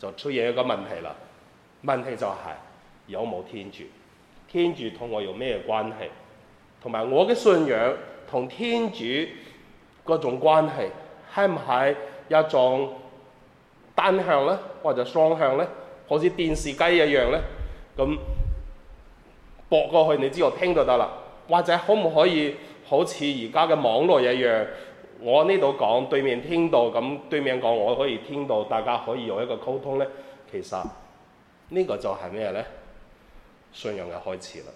就出現一個問題啦，問題就係有冇天主？天主同我有咩關係？同埋我嘅信仰同天主嗰種關係係唔係一種單向呢？或者雙向呢？好似電視機一樣呢？咁駁過去，你知道我聽就得啦，或者可唔可以好似而家嘅網絡一樣？我呢度講對面聽到，咁對面講我可以聽到，大家可以有一個溝通咧。其實呢、這個就係咩咧？信仰嘅開始啦。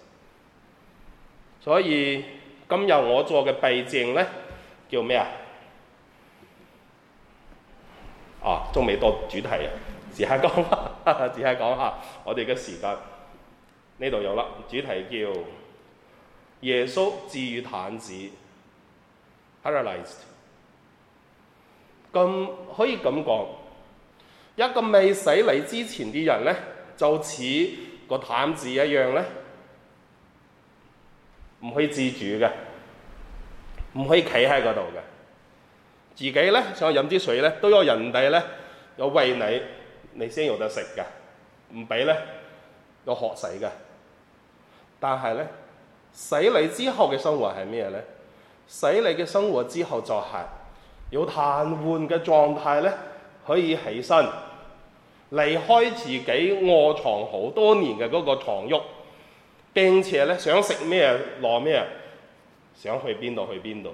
所以今日我做嘅避靜咧叫咩啊？啊，仲未到主題啊，只係講，只係講下。我哋嘅時間呢度有啦。主題叫耶穌治癒癱子 （Paralyzed）。咁可以咁講，一個未洗禮之前啲人咧，就似個癱子一樣咧，唔可以自主嘅，唔可以企喺嗰度嘅。自己咧想去飲啲水咧，都要人哋咧有餵你，你先有得食嘅。唔俾咧，有渴死嘅。但係咧，洗禮之後嘅生活係咩咧？洗禮嘅生活之後就係。有癱瘓嘅狀態呢，可以起身離開自己臥床好多年嘅嗰個床褥，並且呢，想食咩攞咩，想去邊度去邊度。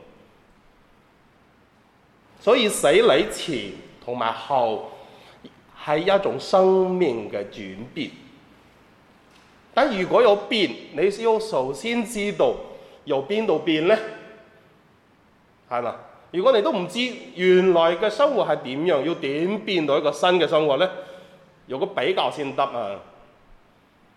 所以洗禮前同埋後係一種生命嘅轉變。但如果有變，你需要首先知道由邊度變呢？係嘛？如果你都唔知原來嘅生活係點樣，要點變到一個新嘅生活呢？有個比較先得啊！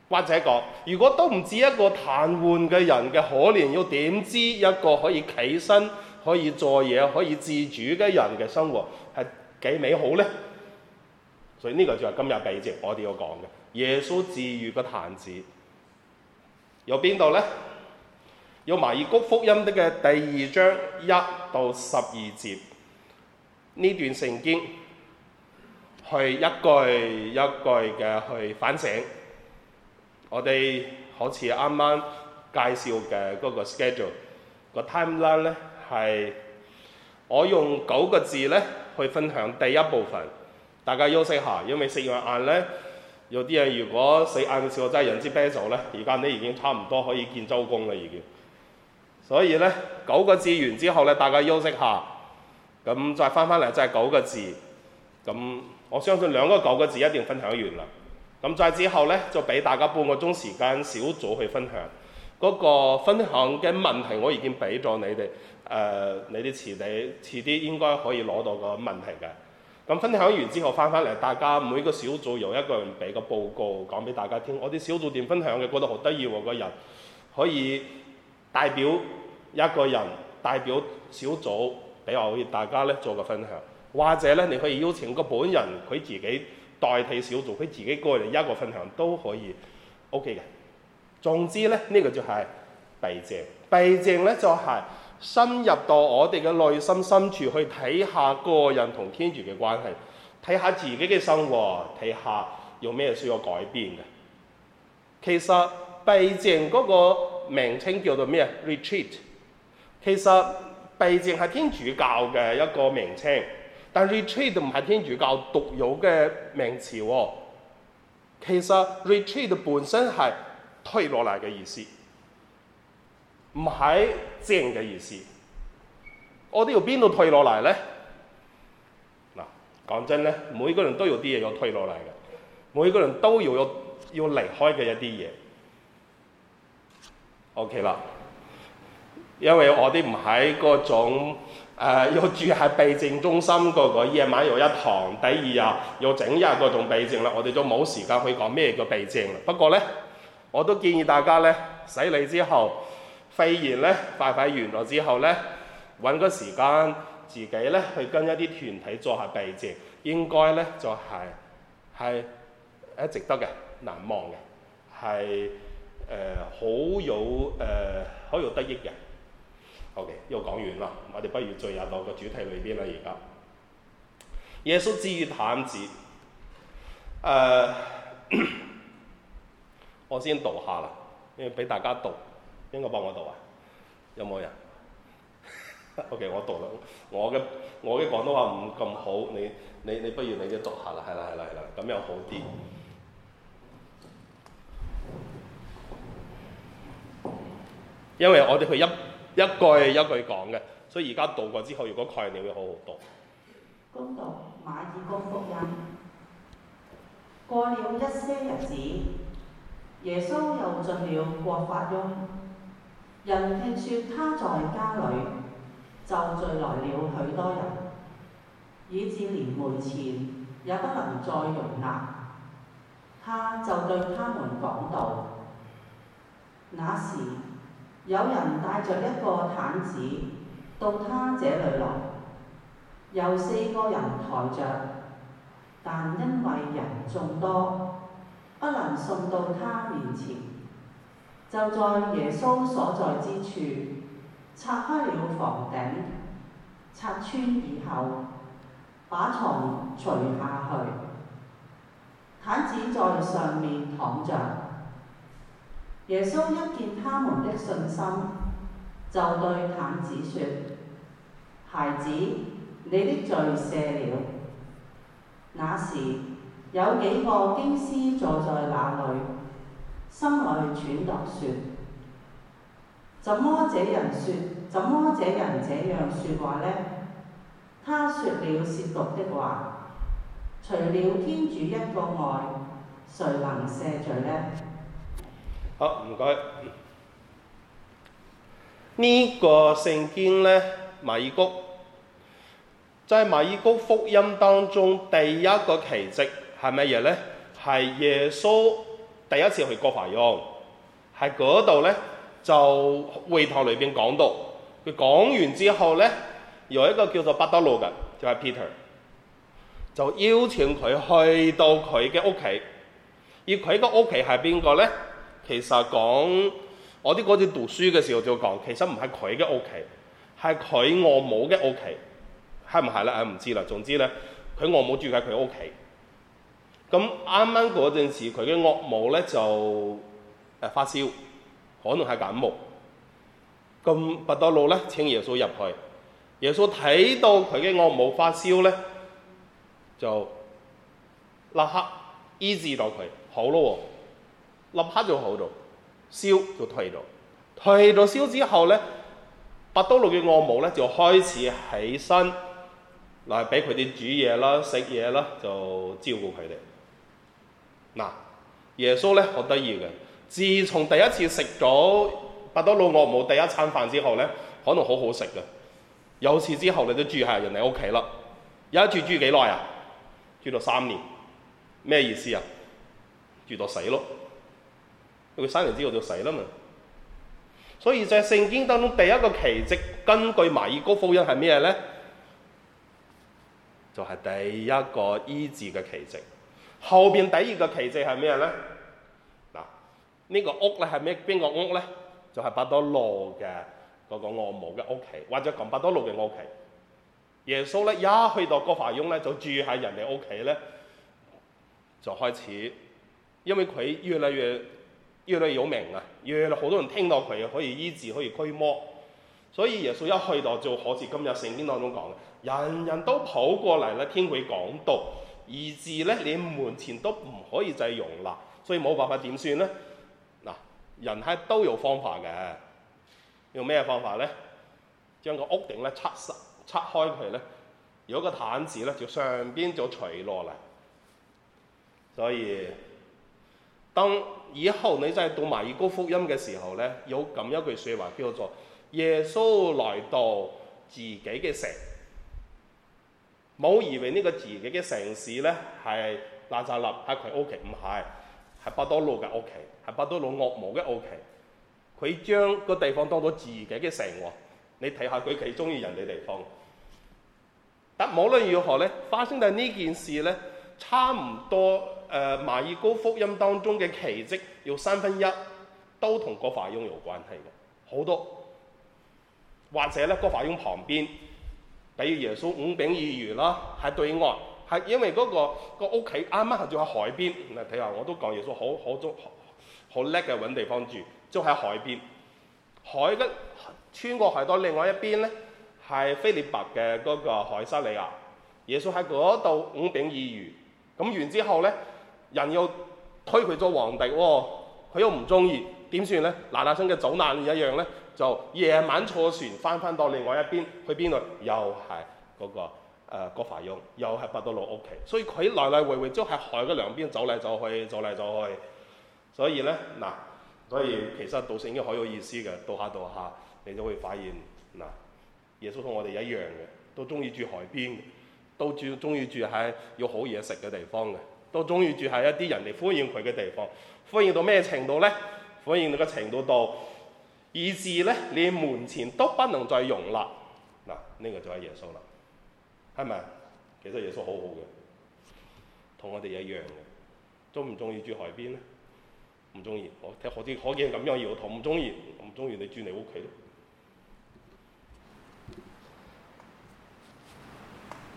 或者講，如果都唔知一個癱瘓嘅人嘅可憐，要點知一個可以企身、可以做嘢、可以自主嘅人嘅生活係幾美好呢？所以呢個就係今日嘅主題，我哋要講嘅耶穌治愈個癱子，有邊度呢？有埋以谷福音的嘅第二章一到十二節呢段聖經，去一句一句嘅去反省。我哋好似啱啱介紹嘅嗰個 schedule 個 timeline 咧係我用九個字咧去分享第一部分。大家休息下，因為食完晏咧，有啲人如果食晏嘅時候真係飲枝啤酒咧，而家你已經差唔多可以見周公啦，已經。所以咧九個字完之後咧，大家休息下，咁再翻翻嚟就係九個字。咁我相信兩個九個字一定分享完啦。咁再之後咧，就俾大家半個鐘時間小組去分享。嗰個分享嘅問題我已經俾咗你哋，誒，你哋遲啲遲啲應該可以攞到個問題嘅。咁分享完之後翻翻嚟，大家每個小組由一個人俾個報告講俾大家聽。我啲小組點分享嘅覺得好得意喎，嗰個人可以。代表一個人，代表小組，畀我大家咧做個分享，或者咧你可以邀請個本人，佢自己代替小組，佢自己個人一個分享都可以，OK 嘅。總之咧，呢、這個就係避靜，避靜咧就係、是、深入到我哋嘅內心深處去睇下個人同天主嘅關係，睇下自己嘅生活，睇下有咩需要改變嘅。其實避靜嗰個。名稱叫做咩？Retreat 其實避靜係天主教嘅一個名稱，但 retreat 唔係天主教獨有嘅名詞喎、哦。其實 retreat 本身係退落嚟嘅意思，唔係正嘅意思。我哋由邊度退落嚟咧？嗱，講真咧，每個人都有啲嘢要退落嚟嘅，每個人都要有要離開嘅一啲嘢。OK 啦，因為我啲唔喺嗰種、呃、要住喺避靜中心嗰個，夜晚有一堂，第二日要整日嗰種避靜啦，我哋都冇時間去講咩叫避靜啦。不過呢，我都建議大家呢，洗禮之後，肺炎呢，快快完咗之後呢，揾個時間自己呢，去跟一啲團體做下避靜。應該呢，就係、係、係一值得嘅、難忘嘅，係。好、呃、有好、呃、有得益嘅，OK，呢個講完啦，我哋不如進入到個主題裏邊啦。而家耶穌治癱子誒，我先讀下啦，因為俾大家讀，邊個幫我讀啊？有冇人 ？OK，我讀啦，我嘅我嘅廣東話唔咁好，你你你不如你都讀下啦，係啦係啦係啦，咁又好啲。因為我哋佢一一句一句講嘅，所以而家讀過之後，如果概念會好好多。恭讀馬爾谷福音，過了一些日子，耶穌又進了葛法翁，人聽說他在家裏，就聚來了許多人，以致連門前也不能再容納，他就對他們講道。那時有人帶着一個癱子到他這裏來，有四個人抬着，但因為人眾多，不能送到他面前。就在耶穌所在之處，拆開了房頂，拆穿以後，把床除下去，癱子在上面躺着。耶穌一見他們的信心，就對癱子說：孩子，你的罪赦了。那時有幾個經師坐在那裏，心裏揣度說：怎麼這人說？怎麼這人這樣說話呢？他說了褻瀆的話。除了天主一個外，誰能赦罪呢？好唔該，這個、聖呢個聖經咧馬爾谷，即係馬爾谷福音當中第一個奇跡係咩嘢咧？係耶穌第一次去葛法翁，喺嗰度咧就會堂裏邊講到。佢講完之後咧，有一個叫做伯多祿嘅，就係、是、Peter，就邀請佢去到佢嘅屋企，而佢嘅屋企係邊個咧？其實講我啲嗰次讀書嘅時候就講，其實唔係佢嘅屋企，係佢岳母嘅屋企，係唔係咧？誒唔知啦。總之咧，佢岳母住喺佢屋企。咁啱啱嗰陣時，佢嘅岳母咧就誒發燒，可能係感冒。咁伯多祿咧請耶穌入去，耶穌睇到佢嘅岳母發燒咧，就立刻醫治到佢，好咯喎、哦。立刻就好咗，燒就退咗。退咗燒之後咧，伯多祿嘅岳母咧就開始起身，嚟俾佢哋煮嘢啦、食嘢啦，就照顧佢哋。嗱，耶穌咧好得意嘅，自從第一次食咗伯多祿岳母第一餐飯之後咧，可能好好食嘅。有次之後，你都住喺人哋屋企啦，有一次住住幾耐啊？住到三年，咩意思啊？住到死咯！佢生完之後就死啦嘛，所以在聖經當中第一個奇蹟根據馬爾谷福音係咩咧？就係、是、第一個醫治嘅奇蹟。後邊第二個奇蹟係咩咧？嗱，呢個屋咧係咩邊個屋咧？就係、是、伯多祿嘅嗰個岳母嘅屋企，或者講伯多祿嘅屋企。耶穌咧一去到葛法翁咧就住喺人哋屋企咧，就開始，因為佢越嚟越。越嚟越有名啊，越嚟好多人聽到佢可以醫治，可以驅魔，所以耶穌一去到，就好似今日聖經當中講嘅，人人都跑過嚟啦，聽佢講道，以至咧你門前都唔可以再容納，所以冇辦法點算咧？嗱，人係都有方法嘅，用咩方法咧？將個屋頂咧拆拆開佢咧，有果個毯子咧就上邊就除落嚟。所以。當以後你真係讀馬爾谷福音嘅時候咧，有咁一句説話叫做：耶穌來到自己嘅城，冇以為呢個自己嘅城市咧係拿撒勒喺佢屋企，唔係，係伯多祿嘅屋企，係伯多祿岳母嘅屋企。佢將個地方當咗自己嘅城喎。你睇下佢幾中意人哋地方。但無論如何咧，發生咗呢件事咧，差唔多。誒馬爾谷福音當中嘅奇蹟，要三分一都同葛法翁有關係嘅，好多。或者咧，葛法翁旁邊，比如耶穌五餅二魚啦，喺對岸，係因為嗰、那個屋企啱啱係住喺海邊。嗱，睇下，我都講耶穌好好中好叻嘅揾地方住，住喺海邊。海嘅穿過海到另外一邊咧，係斐理伯嘅嗰個凱撒利亞，耶穌喺嗰度五餅二魚，咁完之後咧。人要推佢做皇帝喎，佢、哦、又唔中意，點算呢？嗱嗱聲嘅走難一樣呢，就夜晚坐船返返到另外一邊，去邊度？又係嗰、嗰個誒葛法翁，又係伯多祿屋企。所以佢來來回回都喺海嘅兩邊走嚟走去，走嚟走去。所以呢，嗱，所以、嗯、其實到聖已經好有意思嘅，到下到下你都會發現，嗱，耶穌同我哋一樣嘅，都中意住海邊，都住中意住喺有好嘢食嘅地方嘅。都中意住喺一啲人哋歡迎佢嘅地方，歡迎到咩程度咧？歡迎到嘅程度到，以致咧你門前都不能再容納。嗱，呢個就係耶穌啦，係咪？其實耶穌好好嘅，同我哋一樣嘅，中唔中意住海邊咧？唔中意，我睇可見可見咁樣搖頭，唔中意，唔中意你住你屋企。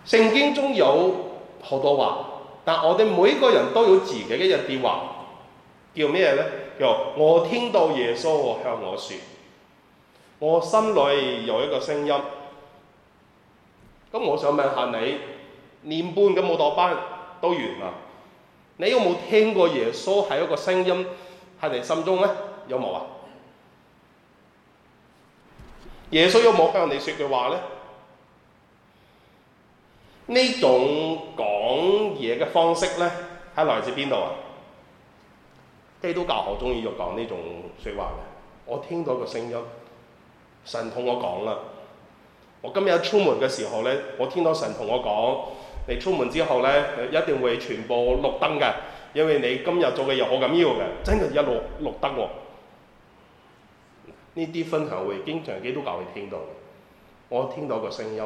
聖經中有好多話。但我哋每個人都有自己嘅一啲話，叫咩呢？叫我聽到耶穌我向我說，我心裏有一個聲音。咁我想問下你，年半嘅舞蹈班都完啦，你有冇聽過耶穌係一個聲音喺你心中呢？有冇啊？耶穌有冇向你說嘅話呢？呢種講嘢嘅方式呢，喺來自邊度啊？基督教好中意就講呢種説話嘅。我聽到個聲音，神同我講啦。我今日出門嘅時候呢，我聽到神同我講：「你出門之後呢，一定會全部綠燈嘅，因為你今日做嘅嘢好緊要嘅，真係一路綠燈喎！呢啲分享會經常基督教會聽到，我聽到個聲音。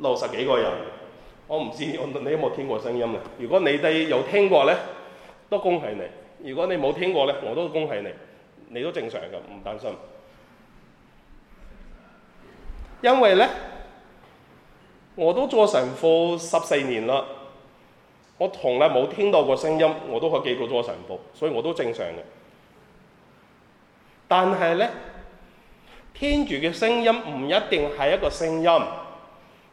六十幾個人，我唔知道你有冇聽過聲音。如果你哋有聽過呢，都恭喜你；如果你冇聽過呢，我都恭喜你，你都正常嘅，唔擔心。因為呢，我都做神父十四年啦，我從來冇聽到過聲音，我都可以繼續做神父，所以我都正常嘅。但係呢，天主嘅聲音唔一定係一個聲音。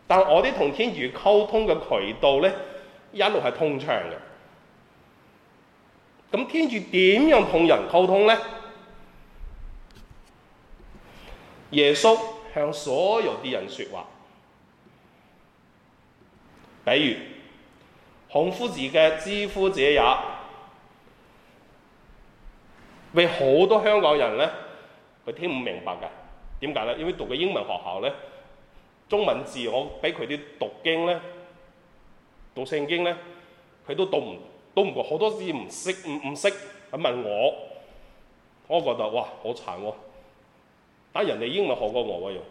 但我哋同天主溝通嘅渠道咧，一路係通暢嘅。咁天主點樣同人溝通咧？耶穌向所有啲人說話，比如孔夫子嘅“之乎者也”，畀好多香港人咧，佢聽唔明白㗎。點解咧？因為讀嘅英文學校咧。中文字我俾佢啲讀經咧，讀聖經咧，佢都讀唔讀唔過，好多字唔識唔唔識，咁問我，我覺得哇好慘喎！但人哋英文好過我喎用。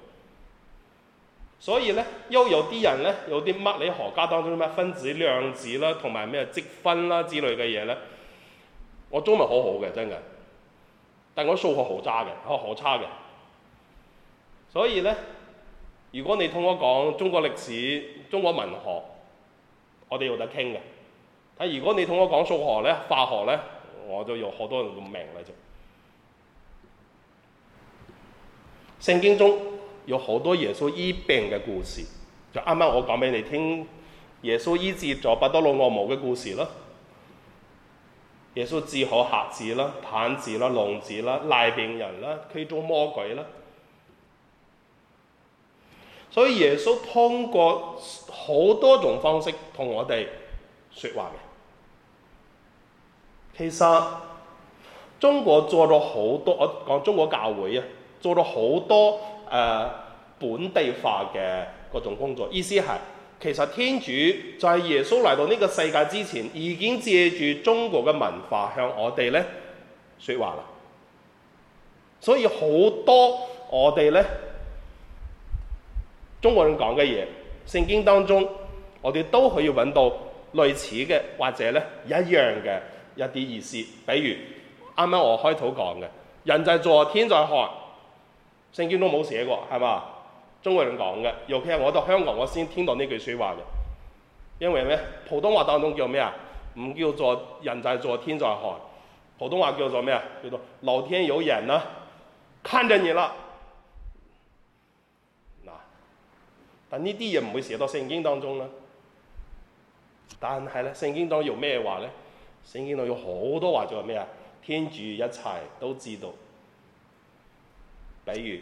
所以咧，又有啲人咧，有啲乜物理學家當中啲乜分子、量子啦，同埋咩積分啦之類嘅嘢咧，我中文好好嘅真嘅，但我數學好渣嘅，我好差嘅，所以咧。如果你同我講中國歷史、中國文學，我哋有得傾嘅。但如果你同我講數學咧、化學咧，我就有好多人都明啦就。聖經中有好多耶穌醫病嘅故事，就啱啱我講俾你聽，耶穌醫治咗伯多祿岳母嘅故事啦。耶穌治好瞎子啦、癱子啦、聾子啦、賴病人啦、驅逐魔鬼啦。所以耶穌通過好多種方式同我哋說話嘅。其實中國做咗好多，我講中國教會啊，做咗好多、呃、本地化嘅各種工作。意思係，其實天主就係耶穌嚟到呢個世界之前，已經借住中國嘅文化向我哋咧說話啦。所以好多我哋咧。中國人講嘅嘢，聖經當中我哋都可以揾到類似嘅或者咧一樣嘅一啲意思。比如啱啱我開頭講嘅，人在做，天在看。聖經都冇寫過，係嘛？中國人講嘅，尤其係我到香港，我先聽到呢句說話嘅。因為咩？普通話當中叫咩啊？唔叫做人在做，天在看。普通話叫做咩啊？叫做老天有眼啦，啊，看着你啦。但呢啲嘢唔會寫到聖經當中啦。但係咧，聖經度有咩話咧？聖經度有好多話，就係咩啊？天主一切都知道。比如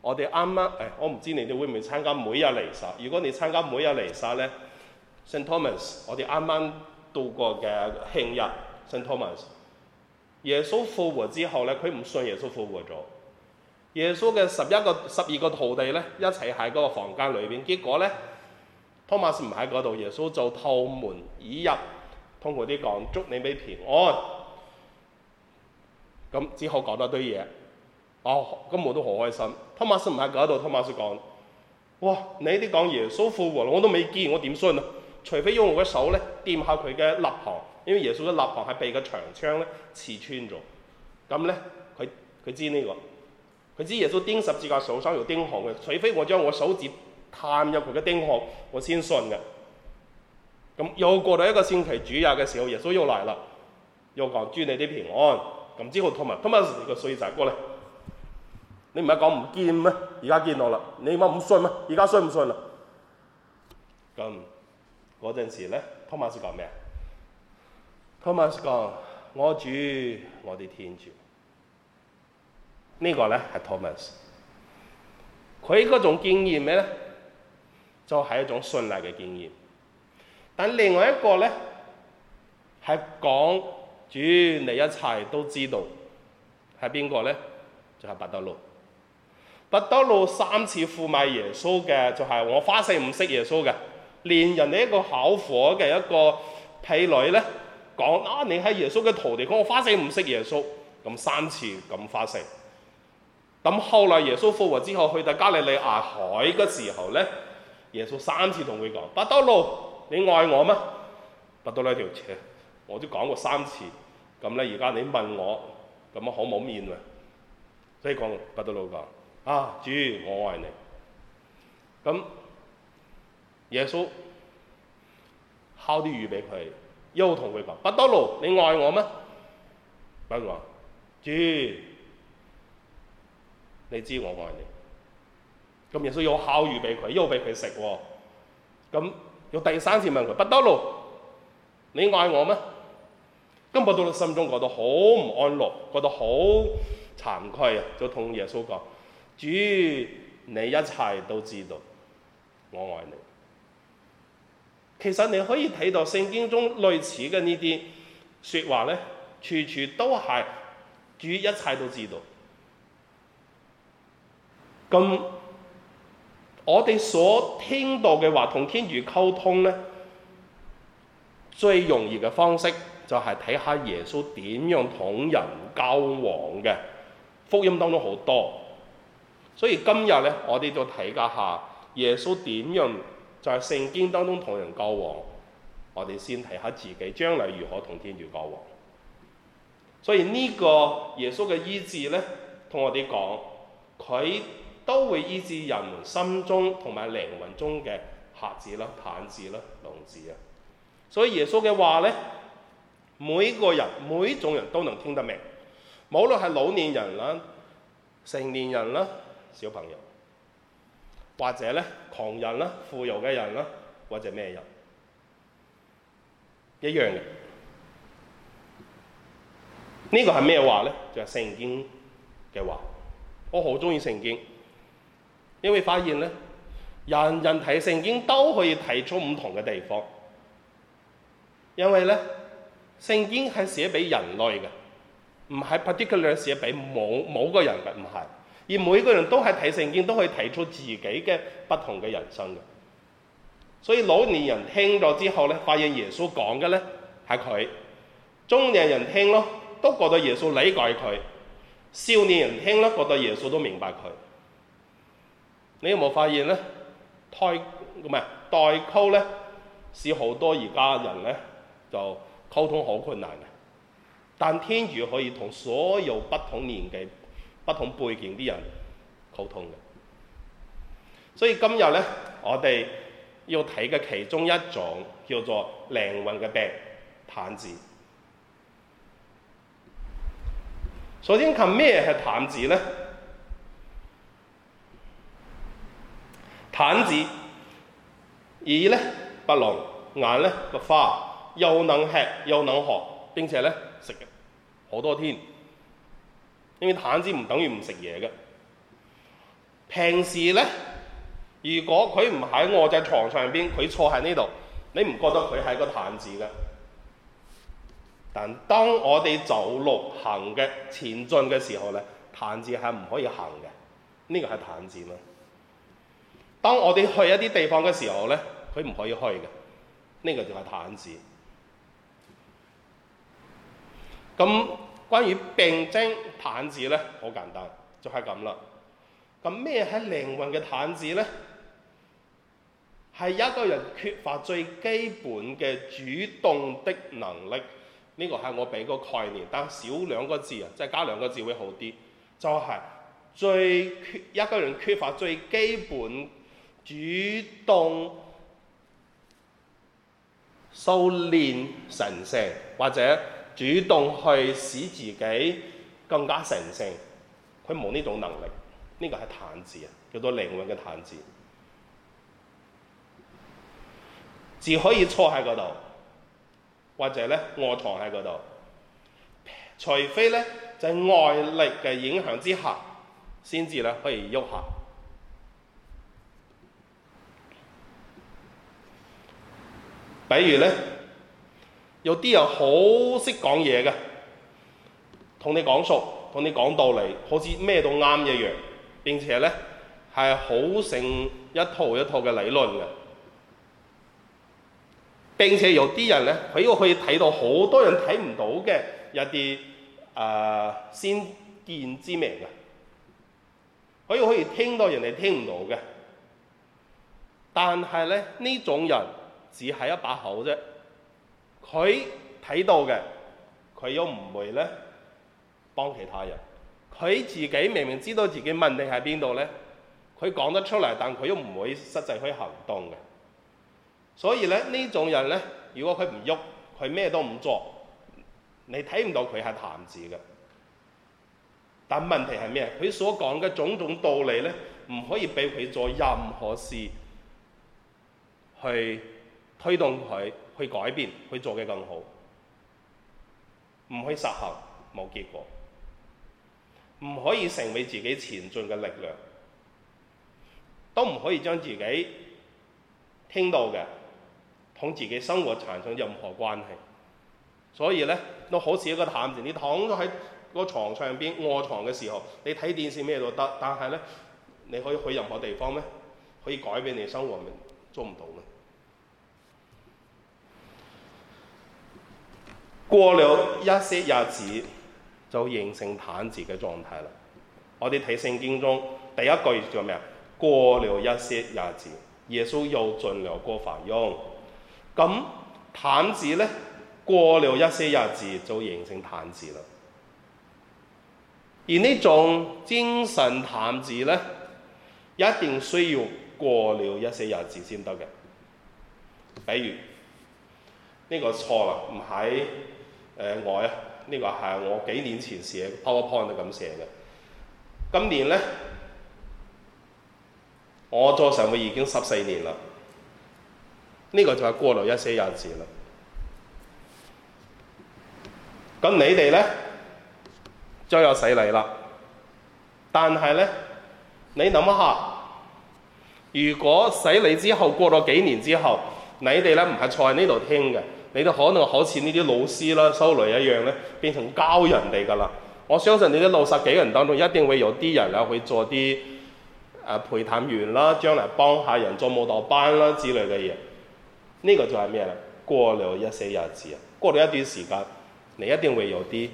我哋啱啱誒，我唔、哎、知你哋會唔會參加每日彌撒。如果你參加每日彌撒咧，Saint Thomas，我哋啱啱度過嘅慶日，Saint Thomas，耶穌復活之後咧，佢唔信耶穌復活咗。耶穌嘅十一個、十二個徒弟咧，一齊喺嗰個房間裏邊。結果咧，托馬斯唔喺嗰度，耶穌就透門而入，通過啲講，祝你俾平安。咁只好講一堆嘢，哦，咁我都好開心。托馬斯唔喺嗰度，托馬斯講：哇，你啲講耶穌復活，我都未見，我點信啊？除非用我嘅手咧，掂下佢嘅肋旁。」因為耶穌嘅肋旁係被個長槍咧刺穿咗。咁咧，佢佢知呢、這個。佢知耶穌釘十字架手上有釘孔嘅，除非我將我手指探入佢嘅釘孔，我先信嘅。咁又過到一個星期主日嘅時候，耶穌又嚟啦，又講祝你啲平安。咁之後 omas, Thomas, Thomas,，托馬托馬斯個衰仔過嚟，你唔係講唔見咩？而家見到啦，你乜唔信咩？而家信唔信啦？咁嗰陣時咧，托馬斯講咩啊？托馬斯講：我主，我哋天主。這個呢個咧係 Thomas，佢嗰種經驗咩咧？就係、是、一種信賴嘅經驗。但另外一個咧係講主你一切都知道，係邊個咧？就係、是、伯多祿。伯多祿三次貶賣耶穌嘅，就係、是、我花四唔識耶穌嘅。連人哋一個烤火嘅一個婢女咧，講啊，你喺耶穌嘅徒弟，講我花四唔識耶穌，咁三次咁花四。咁後來耶穌復活之後去到加利利亞海嘅時候咧，耶穌三次同佢講：伯多祿，你愛我嗎？伯多祿條斜，我都講過三次，咁咧而家你問我，咁啊好冇面啊！所以講伯多祿講：啊，主，我愛你。咁耶穌烤啲魚俾佢，又同佢講：伯多祿，你愛我咩？」伯多祿話：主。你知我愛你，咁耶穌又烤魚俾佢，要俾佢食喎，咁又第三次問佢，伯多祿，你愛我咩？根本都心中覺得好唔安樂，覺得好慚愧啊，就同耶穌講：主，你一切都知道，我愛你。其實你可以睇到聖經中類似嘅呢啲說話咧，處處都係主一切都知道。咁我哋所聽到嘅話，同天主溝通咧，最容易嘅方式就係睇下耶穌點樣同人交往嘅，福音當中好多，所以今日咧，我哋就睇下下耶穌點樣在聖經當中同人交往。我哋先睇下自己將來如何同天主交往。所以呢個耶穌嘅醫治咧，同我哋講佢。都會醫治人們心中同埋靈魂中嘅瞎子啦、癱子啦、聾子啊，所以耶穌嘅話咧，每個人每一種人都能聽得明，無論係老年人啦、成年人啦、小朋友，或者咧窮人啦、富有嘅人啦，或者咩人，一樣嘅。這個、是呢個係咩話咧？就係、是、聖經嘅話，我好中意聖經。你會發現咧，人人睇聖經都可以提出唔同嘅地方。因為咧，聖經係寫俾人類嘅，唔係 particular 寫俾某某個人嘅，唔係。而每個人都係睇聖經，都可以提出自己嘅不同嘅人生嘅。所以老年人聽咗之後咧，發現耶穌講嘅咧係佢；中年人聽咯，都覺得耶穌理解佢；少年人聽咯，覺得耶穌都明白佢。你有冇發現咧？代唔係代溝咧，是好多而家人咧就溝通好困難嘅。但天主可以同所有不同年紀、不同背景啲人溝通嘅。所以今日咧，我哋要睇嘅其中一種叫做靈魂嘅病，癱子。首先，講咩係癱子咧？癱子，耳呢，不聾，眼呢，不花，又能吃又能學，並且呢，食嘅好多天。因為癱子唔等於唔食嘢嘅。平時呢，如果佢唔喺臥在床上邊，佢坐喺呢度，你唔覺得佢係個癱子嘅？但當我哋走路行嘅前進嘅時候呢，癱子係唔可以行嘅。呢個係癱子嘛。當我哋去一啲地方嘅時候咧，佢唔可以去嘅，呢、這個就係癱子。咁關於病徵癱子咧，好簡單，就係咁啦。咁咩係靈魂嘅癱子咧？係一個人缺乏最基本嘅主動的能力，呢、這個係我俾個概念，但少兩個字啊，即係加兩個字會好啲，就係、是、最缺一個人缺乏最基本。主動修煉神聖，或者主動去使自己更加神聖，佢冇呢種能力。呢、這個係癱子啊，叫做靈魂嘅癱子。癱子可以坐喺嗰度，或者咧卧牀喺嗰度，除非咧在、就係、外力嘅影響之下，先至咧可以喐下。比如咧，有啲人好識講嘢嘅，同你講熟，同你講道理，好似咩都啱一樣。並且咧係好成一套一套嘅理論嘅。並且有啲人咧，佢可以睇到好多人睇唔到嘅一啲誒先見之明嘅，佢可以聽到人哋聽唔到嘅。但係咧，呢種人。只係一把口啫，佢睇到嘅，佢又唔會咧幫其他人。佢自己明明知道自己問題喺邊度咧，佢講得出嚟，但佢又唔會實際去行動嘅。所以咧，呢種人咧，如果佢唔喐，佢咩都唔做，你睇唔到佢係癱子嘅。但問題係咩？佢所講嘅種種道理咧，唔可以俾佢做任何事去。推動佢去改變，去做嘅更好，唔去實行冇結果，唔可以成為自己前進嘅力量，都唔可以將自己聽到嘅同自己生活產生任何關係。所以咧，都好似一個癱子，你躺咗喺個床上邊，臥床嘅時候，你睇電視咩都得，但係咧，你可以去任何地方咩？可以改變你生活咩？做唔到嘅。過了一些日子就形成癱子嘅狀態啦。我哋睇聖經中第一句叫咩啊？過了一些日子，耶穌又進了個迦百農。」咁癱子咧，過了一些日子就形成癱子啦。而呢種精神癱子咧，一定需要過了一些日子先得嘅。比如呢、這個錯啦，唔喺。誒、呃、我啊、呢、這個係我幾年前寫 PowerPoint 咁寫嘅。今年咧，我做神會已經十四年啦。呢、這個就係過來一些日子啦。咁你哋咧，將有洗禮啦。但係咧，你諗下，如果洗禮之後過咗幾年之後，你哋咧唔係坐喺呢度聽嘅。你哋可能好似呢啲老師啦、修女一樣咧，變成教人哋噶啦。我相信你啲六十幾人當中，一定會有啲人啦去做啲啊陪談員啦，將來幫下人做舞蹈班啦之類嘅嘢。呢、這個就係咩咧？過了一些日子啊，過咗一段時間，你一定會有啲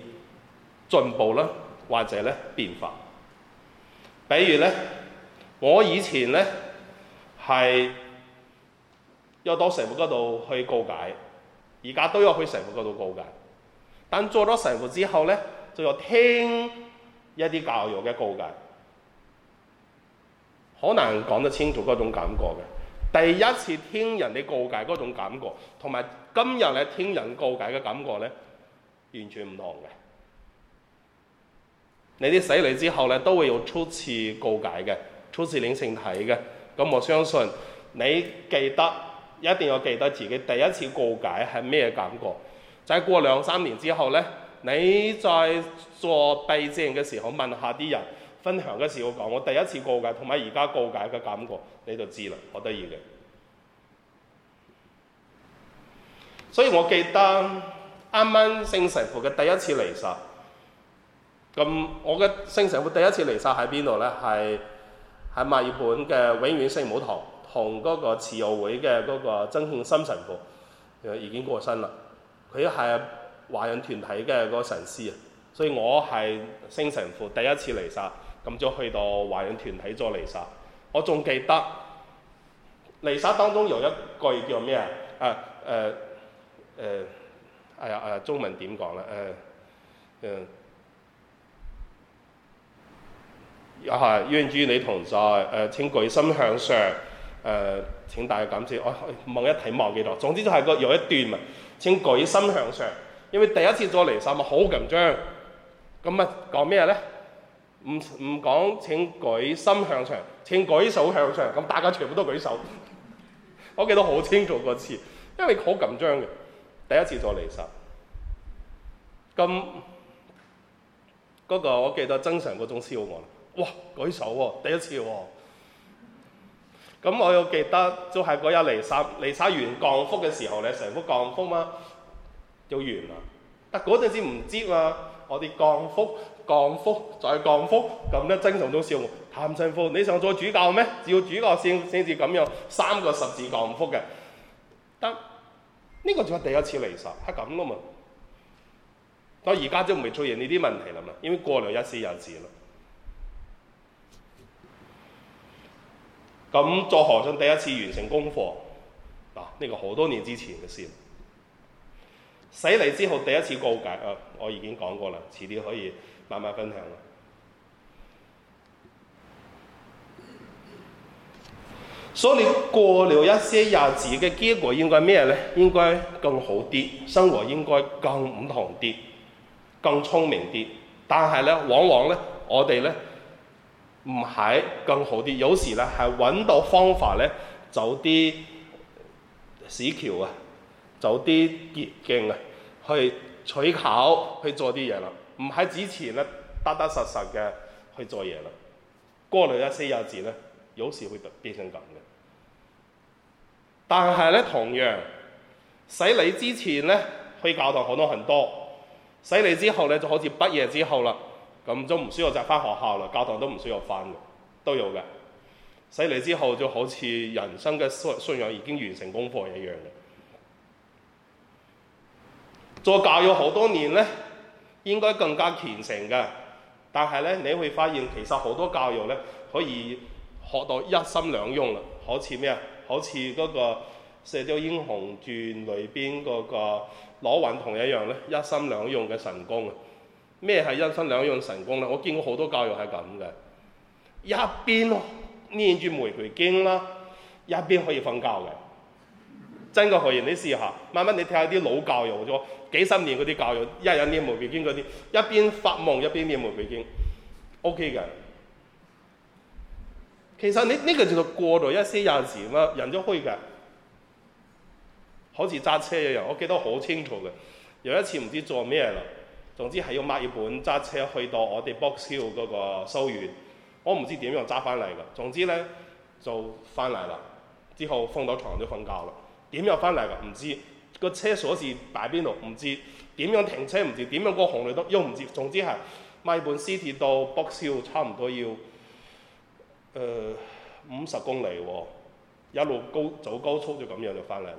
進步啦，或者咧變化。比如咧，我以前咧係要到社會嗰度去告解。而家都有去神父嗰度告解，但做咗神父之後咧，就有聽一啲教育嘅告解。好難講得清楚嗰種感覺嘅。第一次聽人哋告解嗰種感覺，同埋今日咧聽人告解嘅感覺咧，完全唔同嘅。你啲死嚟之後咧，都會有初次告解嘅，初次領聖體嘅。咁我相信你記得。一定要記得自己第一次告解係咩感覺。就係過兩三年之後呢，你再做避靜嘅時候，問下啲人分享嘅時候講：我第一次告解同埋而家告解嘅感覺，你就知啦，好得意嘅。所以我記得啱啱聖神父嘅第一次彌撒。咁我嘅聖神父第一次彌撒喺邊度呢？係喺墨爾本嘅永遠聖母堂。同嗰個慈幼會嘅嗰個曾慶深神父誒，已經過身啦，佢係華人團體嘅嗰個神師啊，所以我係星神父第一次嚟沙，咁就去到華人團體再嚟沙。我仲記得嚟沙當中有一句叫咩啊？誒誒誒係啊，啊、哎！中文點講咧？誒誒又係願主與你同在誒、啊，請舉心向上。誒、呃，請大家感謝，我、哎、望一睇望幾多，總之就係個有一段啊！請舉心向上，因為第一次做彌撒嘛，好緊張。咁啊，講咩咧？唔唔講，請舉心向上，請舉手向上。咁大家全部都舉手，我記得好清楚嗰次，因為好緊張嘅，第一次做彌撒。咁嗰、那個我記得真常嗰種燒我，哇！舉手喎，啊，第一次喎，啊。咁我又記得就，就係嗰日彌撒彌撒完降幅嘅時候咧，成幅降幅嘛，就完啦。但嗰陣時唔知啊，我哋降幅降幅再降幅，咁咧精神都笑。譚神父，你想做主教咩？只要主教先至咁樣三個十字降幅嘅。得呢、呢個就係第一次彌撒，係咁啊嘛。到而家都未出現呢啲問題啦嘛，因為過咗一時又一次。咁作何上第一次完成功課，嗱、這、呢個好多年之前嘅事啦。死嚟之後第一次告解，誒、啊，我已經講過啦，遲啲可以慢慢分享啦。所以你過了一些日子嘅結果應該咩咧？應該更好啲，生活應該更唔同啲，更聰明啲。但係咧，往往咧，我哋咧。唔係更好啲，有時咧係揾到方法咧，走啲市橋啊，走啲捷徑啊，去取巧去做啲嘢啦。唔喺之前咧，踏踏實實嘅去做嘢啦。過嚟一些日子咧，有時會變成咁嘅。但係咧，同樣洗禮之前咧，去教堂好多很多；洗禮之後咧，就好似畢業之後啦。咁都唔需要就翻學校啦，教堂都唔需要翻嘅，都有嘅。洗禮之後就好似人生嘅信信仰已經完成功課一樣嘅。做教育好多年咧，應該更加虔誠嘅。但係咧，你會發現其實好多教育咧，可以學到一心兩用啦，好似咩啊，好似嗰個《射雕英雄傳》裏邊嗰個老頑童一樣咧，一心兩用嘅神功啊！咩係一生兩樣神功咧？我見過好多教育係咁嘅，一邊念住《玫瑰經》啦，一邊可以瞓覺嘅。真嘅可以，你試下。慢慢你睇下啲老教育咗幾十年嗰啲教育，一邊念《一一玫瑰經》嗰啲，一邊發夢一邊念《玫瑰經》，O K 嘅。其實你呢、這個叫做過度一些有時，咁啊人就開嘅。好似揸車一樣，我記得好清楚嘅。有一次唔知做咩啦～總之係要墨爾本揸車去到我哋 Box Hill 嗰個收院，我唔知點樣揸翻嚟㗎。總之咧就翻嚟啦，之後放到床就瞓覺啦。點樣翻嚟㗎？唔知個車鎖匙擺邊度？唔知點樣停車？唔知點樣個紅綠燈又唔知。總之係墨爾本 City 到 Box Hill 差唔多要誒五十公里喎，哦，一路高走高速就咁樣就翻嚟啦。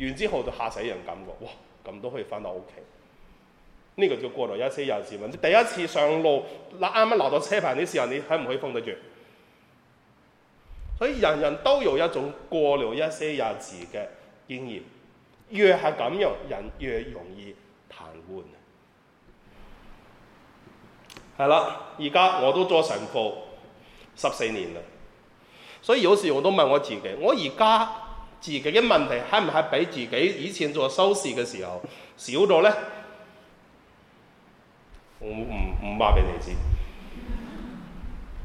完之後就嚇死人感覺，哇！咁都可以翻到屋企。呢個叫過咗一些日子問題。第一次上路，啱啱攞到車牌嘅時候，你可唔可以封得住？所以人人都有一種過咗一些日子嘅經驗，越係咁樣，人越容易癱瘓。係啦，而家我都做神父十四年啦，所以有時我都問我自己：我而家自己嘅問題，係唔係比自己以前做收市嘅時候少咗咧？我唔話俾你知，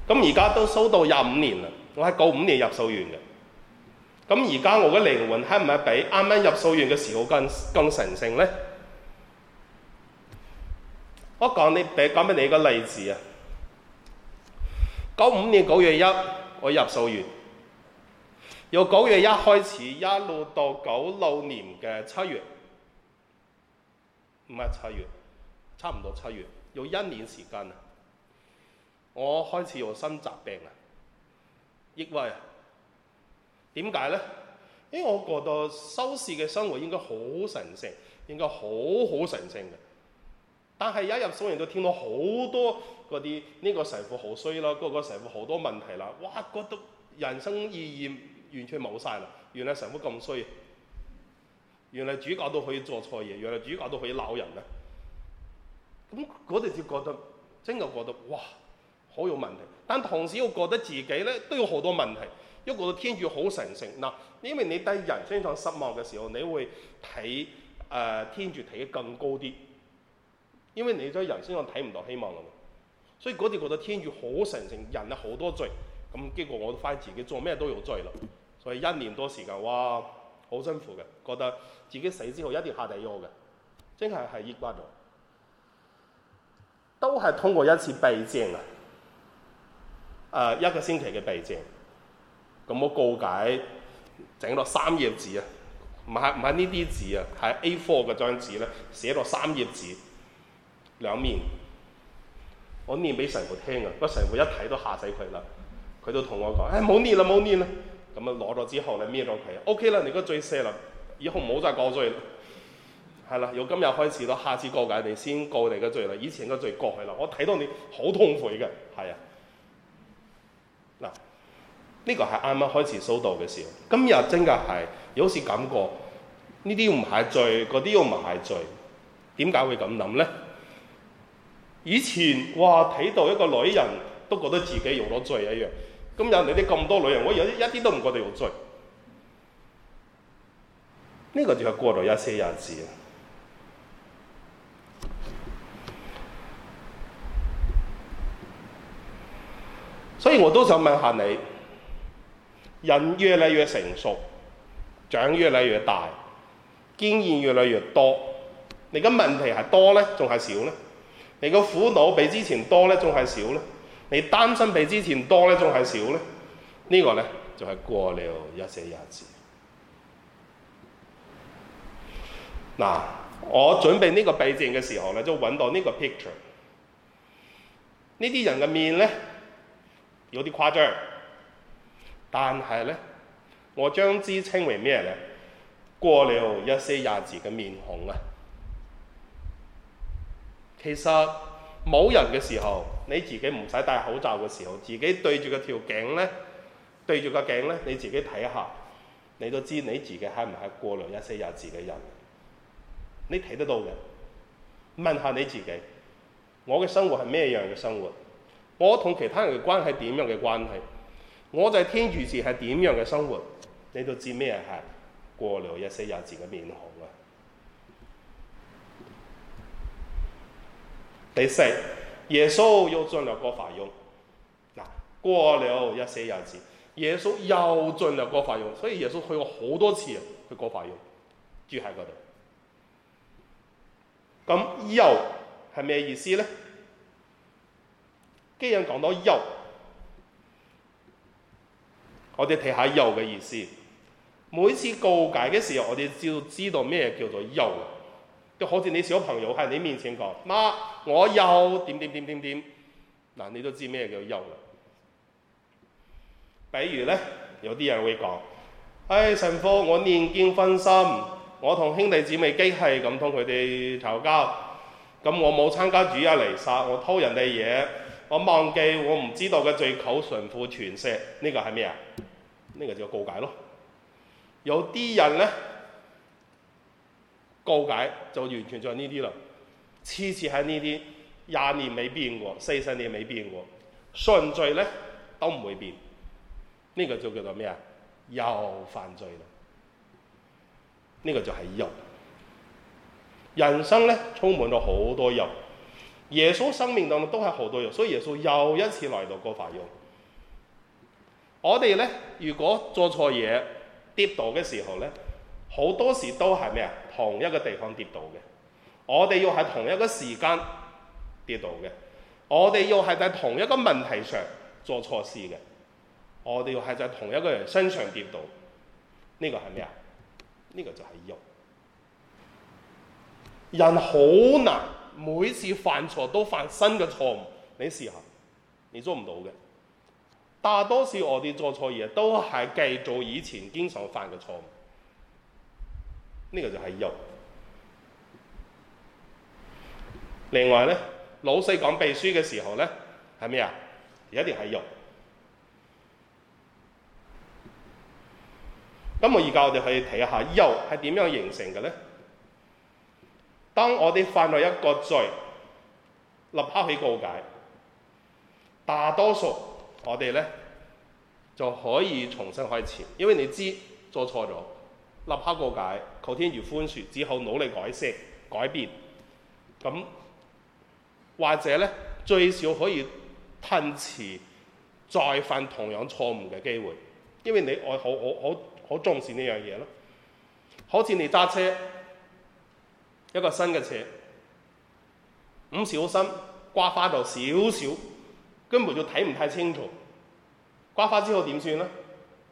咁而家都修到廿五年啦。我喺九五年入修院嘅，咁而家我嘅靈魂係唔係比啱啱入修院嘅時候更更神聖呢？我講啲俾講俾你，你一個例子啊。九五年九月一我入修院，由九月一開始一路到九六年嘅七月，唔係七月，差唔多七月。有一年時間啦，我開始有新疾病啊，抑鬱。點解咧？因為我覺得修士嘅生活應該好神聖，應該好好神聖嘅。但係一入修院都聽到好多嗰啲呢個神父好衰啦，嗰、嗰個神父好多問題啦，哇！覺、那、得、個、人生意義完全冇晒啦。原來神父咁衰，原來主教都可以做錯嘢，原來主教都可以鬧人啊！咁嗰陣時覺得真係覺得哇好有問題，但同時又覺得自己咧都有好多問題，因為我天主好神聖嗱，因為你對人身上失望嘅時候，你會睇誒、呃、天主睇得更高啲，因為你對人身上睇唔到希望啊嘛，所以嗰陣覺得天主好神聖，人啊好多罪，咁結果我發現自己做咩都有罪咯，所以一年多時間哇好辛苦嘅，覺得自己死之後一定要下地獄嘅，真係係抑鬱咗。都係通過一次避靜啊！誒、呃、一個星期嘅避靜，咁我告解整咗三頁紙啊，唔係唔係呢啲紙啊，係 A4 嘅張紙咧，寫咗三頁紙兩面，我念俾神父聽啊！個神父一睇都嚇死佢啦，佢都同我講，誒、哎、冇念啦，冇念啦！咁啊攞咗之後咧，孭咗佢，OK 啦，你個罪赦啦，以後唔好再搞罪啦。係啦，由今日開始咯，下次過界，你先過你嘅罪啦，以前嘅罪過去啦。我睇到你好痛苦嘅，係啊。嗱，呢個係啱啱開始收到嘅時候，今日真嘅係，有時感覺呢啲唔係罪，嗰啲又唔係罪，點解會咁諗咧？以前哇，睇到一個女人，都覺得自己有咗罪一樣。今日你啲咁多女人，我而家一啲都唔覺得有罪。呢、這個就係過咗一些日子所以我都想問下你，人越嚟越成熟，長越嚟越大，經驗越嚟越多，你嘅問題係多呢？仲係少呢？你個苦惱比之前多呢？仲係少呢？你擔心比之前多呢？仲係少呢？呢、呢個呢，就係、係、過了一些日子。嗱，我準備呢個備註嘅時候找呢，就揾到呢個 picture，呢啲人嘅面呢。有啲誇張，但係咧，我將之稱為咩咧？過了一些日子嘅面孔啊！其實冇人嘅時候，你自己唔使戴口罩嘅時候，自己對住個條鏡咧，對住個鏡咧，你自己睇下，你都知你自己係唔係過了一些日子嘅人？你睇得到嘅，問下你自己，我嘅生活係咩樣嘅生活？我同其他人嘅關係點樣嘅關係？我就係天住是係點樣嘅生活，你都知咩係過了一些日子嘅面孔啊。第四，耶穌又進入過法翁。嗱，過了一些日子，耶穌又進入過法翁。所以耶穌去過好多次去過法翁。住喺嗰度。咁又係咩意思咧？既然講到幼，我哋睇下幼嘅意思。每次告解嘅時候，我哋要知道咩叫做幼。就好似你小朋友喺你面前講：媽，我幼點點點點點。嗱，你都知咩叫幼啦？比如咧，有啲人會講：唉、哎，神父，我念經分心，我同兄弟姊妹機器咁同佢哋嘈交，咁我冇參加主日彌撒，我偷人哋嘢。我忘記我唔知道嘅罪口純負全赦，呢、這個係咩？呢個就告解咯。有啲人呢，告解就完全就係呢啲啦，次次喺呢啲，廿年未變過，四十年未變過順序呢，都唔會變。呢、這個就叫做咩啊？又犯罪啦！呢、這個就係有」，人生呢，充滿咗好多有。耶穌生命當中都係好多肉，所以耶穌又一次來到迦百農。我哋咧，如果做錯嘢跌倒嘅時候咧，好多時都係咩啊？同一個地方跌倒嘅，我哋要喺同一個時間跌倒嘅，我哋要係在同一個問題上做錯事嘅，我哋要係在同一個人身上跌倒。呢個係咩啊？呢個就係肉。人好難。每次犯錯都犯新嘅錯誤，你試下，你做唔到嘅。大多數我哋做錯嘢都係繼續以前經常犯嘅錯誤，呢個就係慾。另外咧，老細講秘書嘅時候咧，係咩啊？一定係慾。咁我而家我哋去睇下慾係點樣形成嘅咧？當我哋犯到一個罪，立刻去告解，大多數我哋咧就可以重新開始，因為你知做錯咗，立刻告解，求天主寬恕，只好努力改善改變，咁或者咧最少可以褪遲再犯同樣錯誤嘅機會，因為你愛好好好好重視呢樣嘢咯，好似你揸車。一個新嘅車，唔小心刮花咗少少，根本就睇唔太清楚。刮花之後點算咧？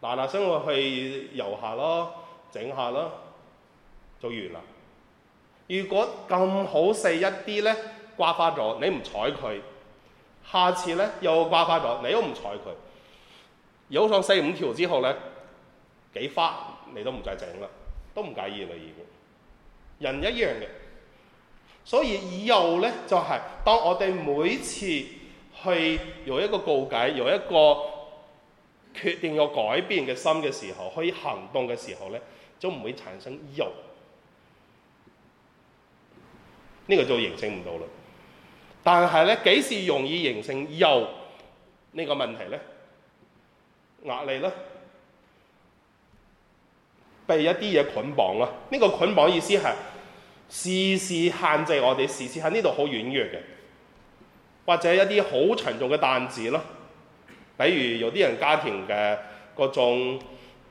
嗱嗱聲我去油下咯，整下咯，就完啦。如果咁好細一啲咧，刮花咗你唔睬佢，下次咧又刮花咗你都唔睬佢。有上四五條之後咧，幾花你都唔再整啦，都唔介意嘅而家。以人一樣嘅，所以慾咧就係當我哋每次去有一個告解、有一個決定要改變嘅心嘅時候，可以行動嘅時候咧，就唔會產生慾。呢個就形成唔到啦。但係咧幾時容易形成慾呢個問題咧？壓力呢，被一啲嘢捆綁啊。呢個捆綁意思係～事事限制我哋，事事喺呢度好軟弱嘅，或者一啲好沉重嘅擔子啦，比如有啲人家庭嘅嗰種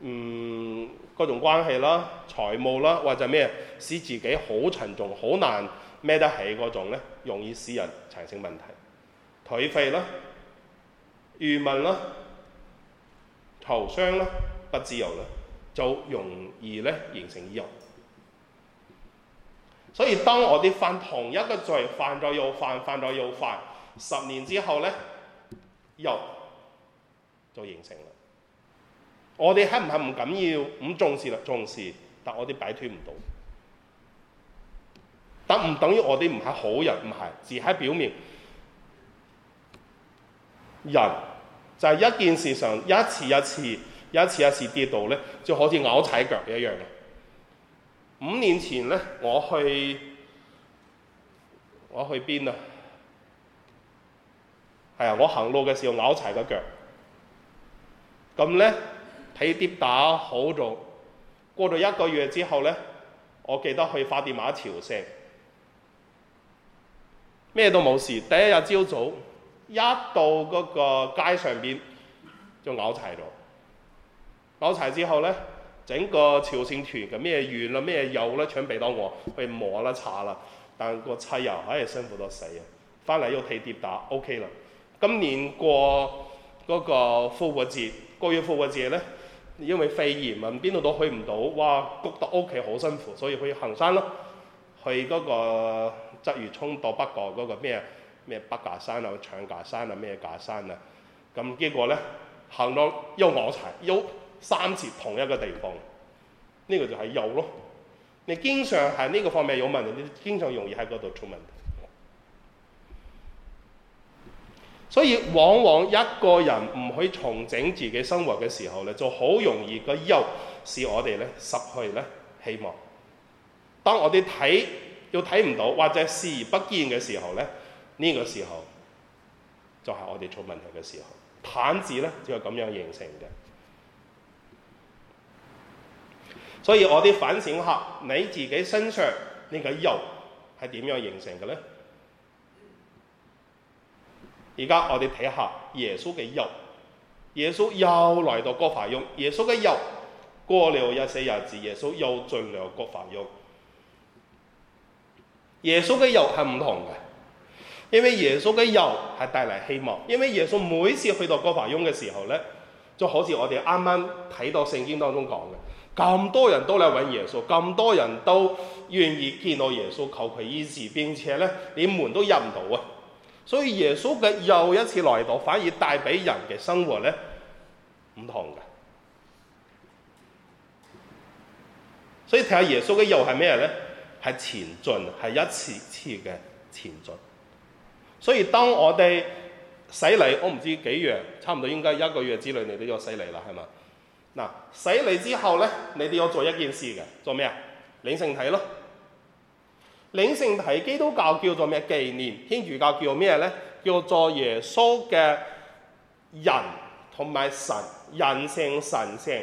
嗯嗰種關係啦、財務啦，或者咩使自己好沉重、好難孭得起嗰種咧，容易使人產生問題，頹廢啦、愚民啦、頭傷啦、不自由啦，就容易咧形成依樣。所以當我哋犯同一個罪，犯咗又犯，犯咗又犯，十年之後咧，又就形成啦。我哋係唔係唔緊要？唔重視啦，重視，但我哋擺脫唔到。等唔等於我哋唔係好人？唔係，只喺表面。人就係、是、一件事上一次一次、一次一次，一次跌倒咧，就好似咬踩腳一樣五年前咧，我去我去邊啊？係啊，我行路嘅時候拗柴個腳。咁咧，睇跌打好咗。過咗一個月之後咧，我記得去發電話潮聲，咩都冇事。第一日朝早一到嗰個街上面，就拗柴咗，拗柴之後咧。整個朝聖團嘅咩藥啦咩油啦，搶俾到我去磨啦搽啦，但係個妻又、啊、唉、哎、辛苦到死啊！翻嚟要睇跌打，OK 啦。今年過嗰個復活節，過完復活節咧，因為肺炎啊，邊度都去唔到，哇谷得屋企好辛苦，所以去行山咯。去嗰、那個鰂魚湧到北角嗰、那個咩咩北架山啊、長架山啊、咩架山啊，咁結果咧行到又我柴又。三節同一個地方，呢個就係憂咯。你經常係呢個方面有問題，你經常容易喺嗰度出問題。所以往往一個人唔去重整自己生活嘅時候咧，就好容易個憂使我哋咧失去咧希望。當我哋睇又睇唔到或者視而不見嘅時候咧，呢個時候就係我哋出問題嘅時候。癱字咧就係咁樣形成嘅。所以我哋反省下，你自己身上呢個油係點樣形成嘅咧？而家我哋睇下耶穌嘅油。耶穌又嚟到葛法翁。耶穌嘅油過了一些日子，耶穌又進入葛法翁。耶穌嘅油係唔同嘅，因為耶穌嘅油係帶來希望。因為耶穌每次去到葛法翁嘅時候咧，就好似我哋啱啱睇到聖經當中講嘅。咁多人都嚟揾耶穌，咁多人都願意見到耶穌求佢醫治。並且咧連門都入唔到啊！所以耶穌嘅又一次來到，反而帶俾人嘅生活咧唔同嘅。所以睇下耶穌嘅又係咩咧？係前進，係一次次嘅前進。所以當我哋洗禮，我唔知道幾月，差唔多應該一個月之內你都要洗禮啦，係嘛？啊、死洗嚟之後咧，你哋要做一件事嘅，做咩啊？領聖體咯，領聖體基督教叫做咩？紀念。天主教叫咩咧？叫做耶穌嘅人同埋神，人性神性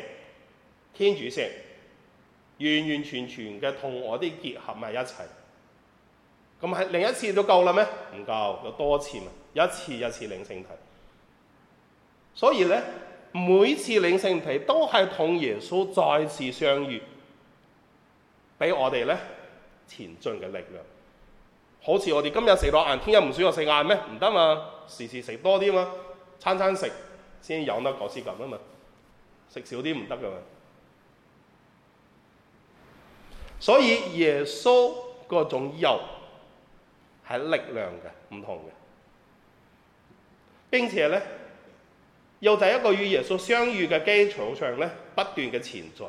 天主性，完完全全嘅同我哋結合埋一齊。咁係領一次都夠啦咩？唔夠，有多次嘛？一次一次領聖體。所以咧。每次領聖體都係同耶穌再次相遇，俾我哋咧前進嘅力量。好似我哋今日食六晏，聽日唔需要食晏咩？唔得嘛，時時食多啲嘛，餐餐食先養得過斯咁啊嘛，食少啲唔得噶嘛。所以耶穌嗰種油係力量嘅，唔同嘅。並且咧。又就係一個與耶穌相遇嘅基礎上呢，不斷嘅前進。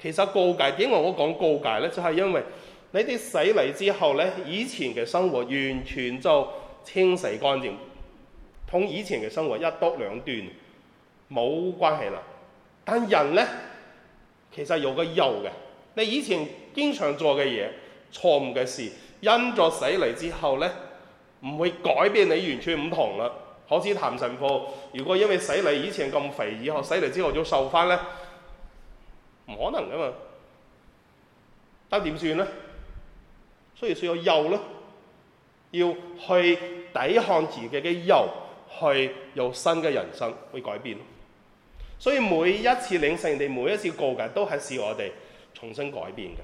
其實告戒，點解為我講告戒呢，就係、是、因為你哋死嚟之後呢，以前嘅生活完全就清洗乾淨，同以前嘅生活一刀兩斷，冇關係啦。但人呢，其實有個優嘅，你以前經常做嘅嘢，錯誤嘅事，因咗死嚟之後呢，唔會改變你完全唔同啦。我知譚神父，如果因為洗禮以前咁肥，以後洗禮之後要瘦翻咧，唔可能噶嘛？得點算咧？所以需要有咧，要去抵抗自己嘅誘，去有新嘅人生，去改變。所以每一次領聖體、每一次告解，都係使我哋重新改變嘅。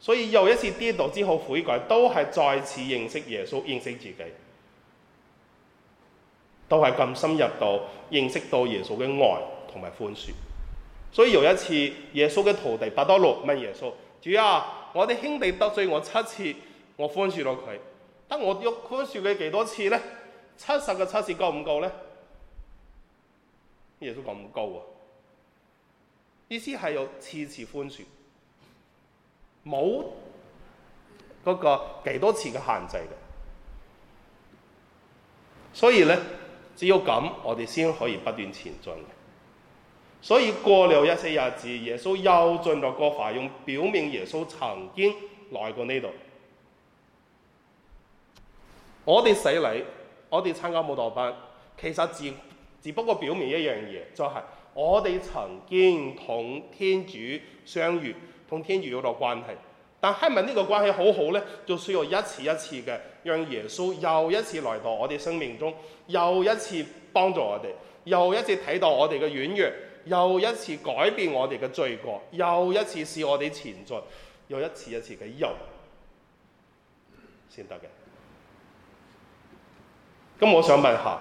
所以又一次跌倒之後悔改，都係再次認識耶穌，認識自己。都係咁深入到認識到耶穌嘅愛同埋寬恕。所以有一次，耶穌嘅徒弟伯多祿問耶穌：主啊，我哋兄弟得罪我七次，我寬恕咗佢，得我要寬恕佢幾多次咧？七十個七次夠唔夠咧？耶穌講，唔夠啊！意思係要次次寬恕，冇嗰個幾多次嘅限制嘅。所以咧。只要咁，我哋先可以不斷前進的。所以過了一些日子，耶穌又進入葛法翁，表明耶穌曾經來過呢度。我哋洗禮，我哋參加慕道班，其實只只不過表明一樣嘢，就係、是、我哋曾經同天主相遇，同天主有個關係。但係咪呢個關係好好呢？就需要一次一次嘅。讓耶穌又一次來到我哋生命中，又一次幫助我哋，又一次睇到我哋嘅軟弱，又一次改變我哋嘅罪過，又一次使我哋前進，又一次一次嘅用，先得嘅。咁我想問下，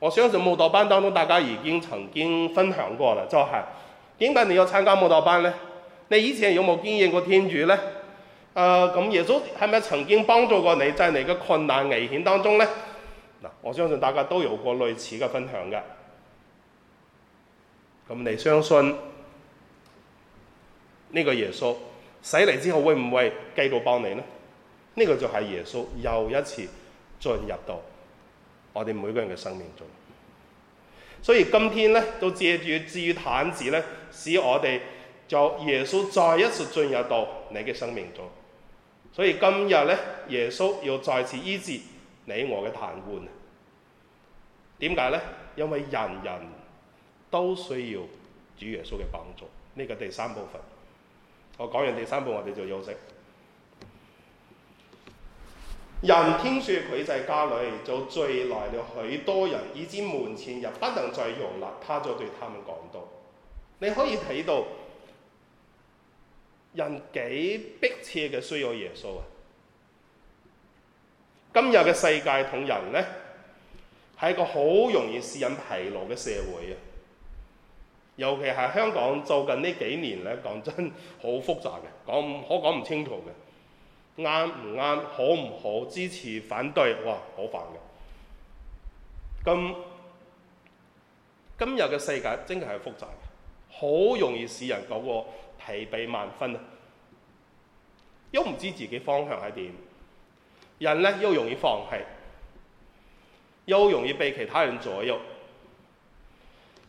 我相信舞蹈班當中大家已經曾經分享過啦，就係點解你要參加舞蹈班咧？你以前有冇經驗過天主咧？誒，咁、呃、耶穌係咪曾經幫助過你，在你嘅困難危險當中呢？嗱，我相信大家都有過類似嘅分享嘅。咁你相信呢、這個耶穌死嚟之後，會唔會繼續幫你呢？呢、這個就係耶穌又一次進入到我哋每個人嘅生命中。所以今天咧，都借住治愈癱子咧，使我哋就耶穌再一次進入到你嘅生命中。所以今日咧，耶穌要再次醫治你我嘅癱瘓。點解咧？因為人人都需要主耶穌嘅幫助。呢、這個第三部分，我講完第三部分，我哋就休息。人聽說佢在家裏，就聚來了許多人，以至門前又不能再容納。他就對他們講道，你可以睇到。人幾迫切嘅需要耶穌啊！今日嘅世界同人呢，係一個好容易使人疲勞嘅社會啊！尤其係香港做近呢幾年咧，講真好複雜嘅，講唔好講唔清楚嘅，啱唔啱？好唔好，支持反對？哇！好煩嘅。咁今日嘅世界真係複雜，好容易使人嗰個。疲憊萬分啊！又唔知道自己方向係點，人咧又容易放棄，又容易被其他人左右，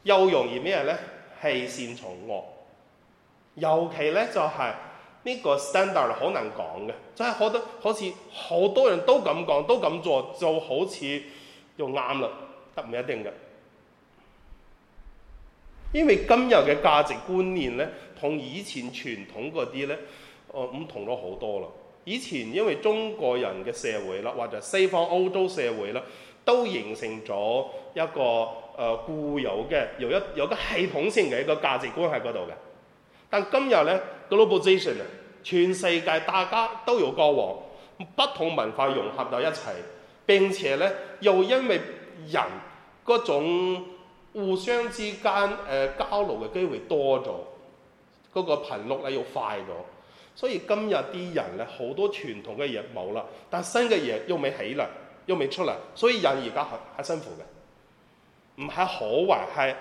又容易咩咧？棄善從惡，尤其咧就係呢個 standard 好難講嘅，就係、是就是、好多好似好多人都咁講、都咁做，就好似又啱啦，得唔一定嘅。因為今日嘅價值觀念咧。同以前傳統嗰啲咧，誒唔同咗好多啦。以前因為中國人嘅社會啦，或者西方歐洲社會咧，都形成咗一個誒固有嘅有一有個系統性嘅一個價值觀喺嗰度嘅。但今日咧，globalization 啊，全世界大家都有交往，不同文化融合到一齊，並且咧又因為人嗰種互相之間誒交流嘅機會多咗。嗰個頻率咧又快咗，所以今日啲人咧好多傳統嘅嘢冇啦，但新嘅嘢又未起啦，又未出啦，所以人而家係辛苦嘅，唔係好壞係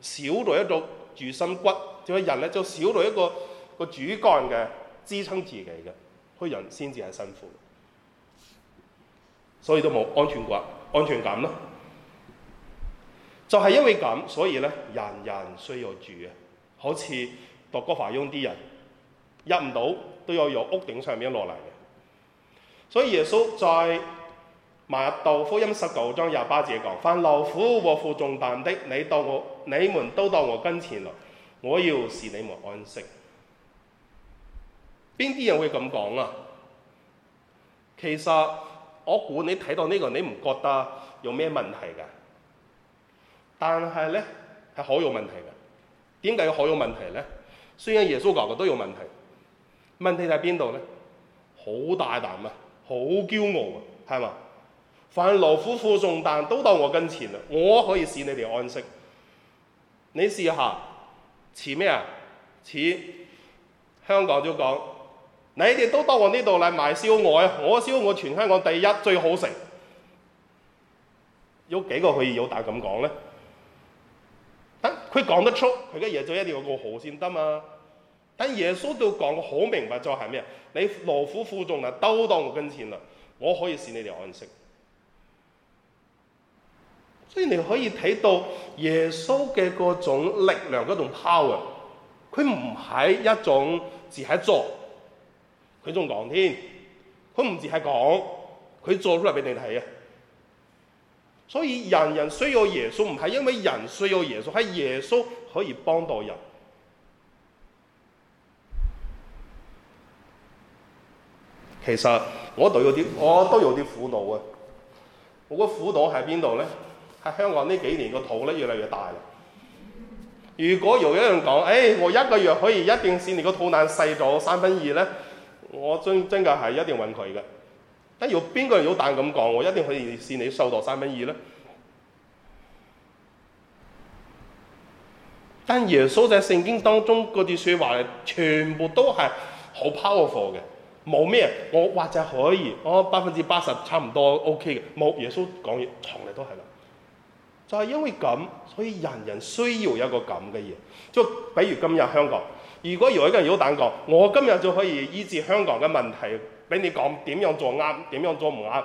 少到一度住身骨。點解人咧就少到一個個主幹嘅支撐自己嘅，所以人先至係辛苦所，所以都冇安全感安全感咯，就係因為咁，所以咧人人需要住啊，好似～到哥華雍啲人入唔到，都要由屋頂上面落嚟嘅。所以耶穌在瑪竇福音十九章廿八節講，凡勞苦和負重擔的，你到我，你們都到我跟前來，我要使你們安息。邊啲人會咁講啊？其實我估你睇到呢個，你唔覺得有咩問題嘅？但係咧係好有問題嘅。點解要好有問題咧？雖然耶穌講嘅都有問題，問題喺邊度呢？好大膽啊，好驕傲啊，係嘛？凡勞苦負重擔都到我跟前啦，我可以使你哋安息。你試一下似咩啊？似香港就講，你哋都到我呢度嚟賣燒鵝，可我燒鵝全香港第一最好食，有幾個可以有膽咁講呢？等佢講得出，佢嘅嘢就一定要過河先得嘛。喺耶穌度講，我好明白，就係咩啊？你勞苦負重啦，都到我跟前啦，我可以使你哋安息。所以你可以睇到耶穌嘅嗰種力量嗰種 power，佢唔係一種只係做。佢仲講添，佢唔只係講，佢做出嚟俾你睇啊！所以人人需要耶穌，唔係因為人需要耶穌，係耶穌可以幫到人。其實我都有啲，我都有啲苦惱啊。我個苦惱喺邊度咧？喺香港呢幾年個肚咧越嚟越大啦。如果有一人講，誒、哎，我一個月可以一定使你個肚腩細咗三分二咧，我真真嘅係一定搵佢嘅。但有邊個人有膽咁講？我一定可以使你瘦咗三分二咧。但耶穌在聖經當中嗰啲說話，全部都係好 powerful 嘅。冇咩，我或者可以，我百分之八十差唔多 OK 嘅，冇耶穌講嘢，從嚟都係啦。就係因為咁，所以人人需要一個咁嘅嘢。就比如今日香港，如果有一個人好膽講，我今日就可以醫治香港嘅問題，俾你講點樣做啱，點樣做唔啱，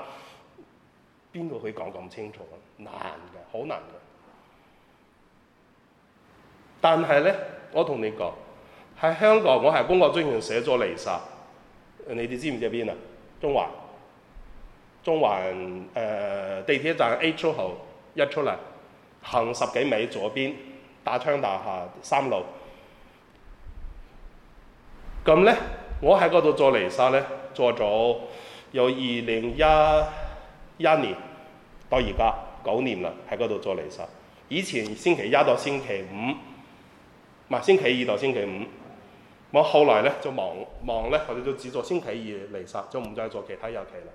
邊個可以講咁清楚啊？難嘅，好難嘅。但係咧，我同你講喺香港，我喺工作專員寫咗離曬。你哋知唔知喺邊啊？中環，中環誒、呃、地鐵站 A 出口一出嚟，行十幾米左邊，大昌大廈三樓。咁咧，我喺嗰度做泥沙咧，做咗由二零一一年到而家九年啦，喺嗰度做泥沙。以前星期一到星期五，咪星期二到星期五。我後來咧就忙忙咧，我哋就只做星期二彌撒，就唔再做其他日期啦。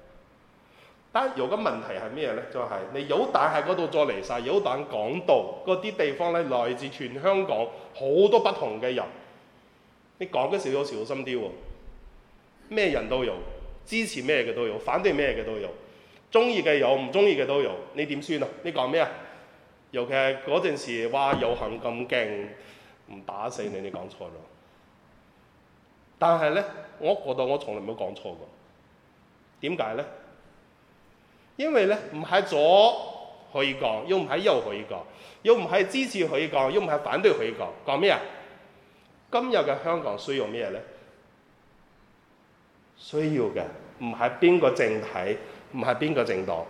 但有個問題係咩咧？就係、是、你有膽喺嗰度再彌撒，有膽講道嗰啲地方咧，來自全香港好多不同嘅人，你講嘅時候要小心啲喎。咩人都有，支持咩嘅都有，反對咩嘅都有，中意嘅有，唔中意嘅都有，你點算啊？你講咩啊？尤其係嗰陣時話遊行咁勁，唔打死你，你講錯咗。但係咧，我覺得我我從來冇講錯過。點解咧？因為咧，唔喺左可以講，又唔喺右可以講，又唔係支持可以講，又唔係反對可以講。講咩啊？今日嘅香港需要咩咧？需要嘅唔係邊個政體，唔係邊個政黨，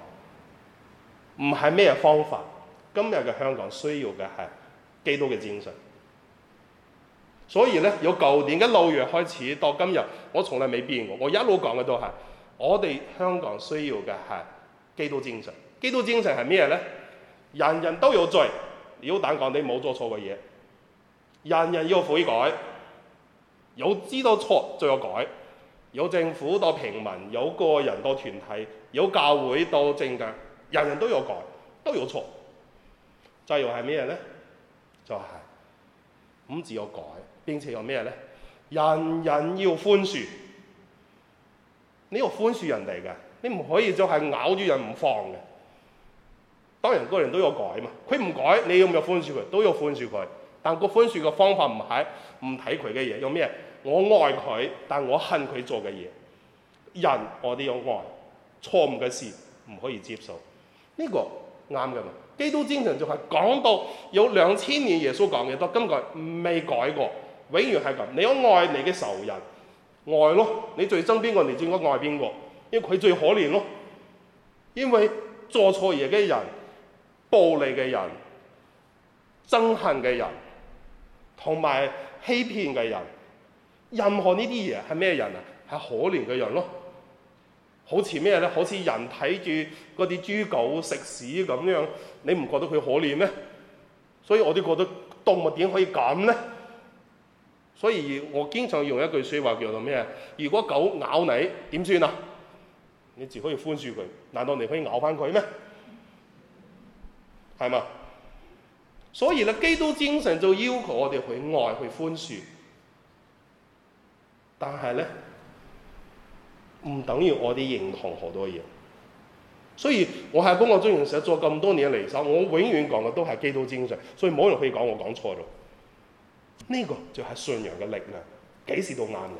唔係咩方法。今日嘅香港需要嘅係基督嘅精神。所以咧，由舊年嘅六月開始到今日，我從嚟未變過。我一路講嘅都係，我哋香港需要嘅係基督精神。基督精神係咩咧？人人都有罪，要你都唔敢講你冇做錯嘅嘢。人人要悔改，有知道錯就要改。由政府到平民，有個人到團體，有教會到政界，人人都有改，都有錯。就係咩咧？就係唔只有改。並且有咩咧？人人要寬恕，你要寬恕人哋嘅，你唔可以就係咬住人唔放嘅。當然個人都有改嘛，佢唔改，你要唔要寬恕佢？都要寬恕佢。但個寬恕嘅方法唔係唔睇佢嘅嘢，有咩？我愛佢，但我恨佢做嘅嘢。人我哋要愛，錯誤嘅事唔可以接受。呢、這個啱㗎嘛，基督精神就係講到有兩千年耶穌講嘅，到今日未改過。永遠係咁，你好愛你嘅仇人愛咯，你最憎邊個，你應該愛邊個，因為佢最可憐咯。因為做錯嘢嘅人、暴力嘅人、憎恨嘅人、同埋欺騙嘅人，任何呢啲嘢係咩人啊？係可憐嘅人咯。好似咩咧？好似人睇住嗰啲豬狗食屎咁樣，你唔覺得佢可憐咩？所以我哋覺得動物點可以咁咧？所以我經常用一句説話叫做咩？如果狗咬你點算啊？你只可以寬恕佢，難道你可以咬翻佢咩？係嘛？所以咧，基督精神就要求我哋去愛、去寬恕。但係咧，唔等於我哋認同好多嘢。所以，我喺本共中院寫咗咁多年離生，我永遠講嘅都係基督精神。所以冇人可以講我講錯咗。呢個就係信仰嘅力量，幾時都啱嘅。